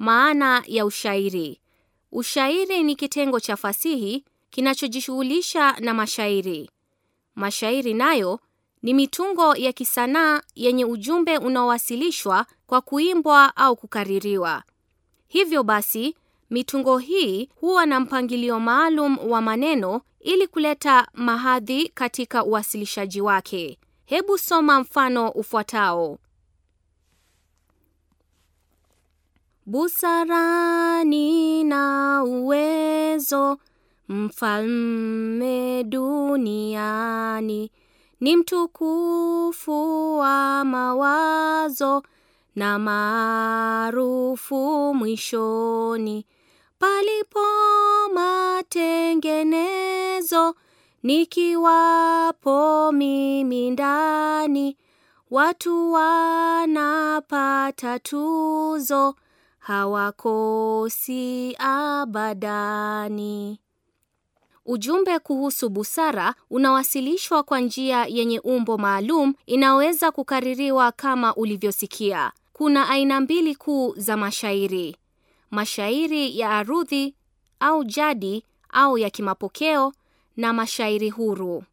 Maana ya ushairi. Ushairi ni kitengo cha fasihi kinachojishughulisha na mashairi. Mashairi nayo ni mitungo ya kisanaa yenye ujumbe unaowasilishwa kwa kuimbwa au kukaririwa. Hivyo basi, mitungo hii huwa na mpangilio maalum wa maneno ili kuleta mahadhi katika uwasilishaji wake. Hebu soma mfano ufuatao. Busara na uwezo, mfalme duniani, ni mtukufu wa mawazo na maarufu mwishoni. Palipo matengenezo, nikiwapo mimi ndani, watu wanapata tuzo hawakosi abadani. Ujumbe kuhusu busara unawasilishwa kwa njia yenye umbo maalum inaweza kukaririwa kama ulivyosikia. Kuna aina mbili kuu za mashairi: mashairi ya arudhi au jadi au ya kimapokeo na mashairi huru.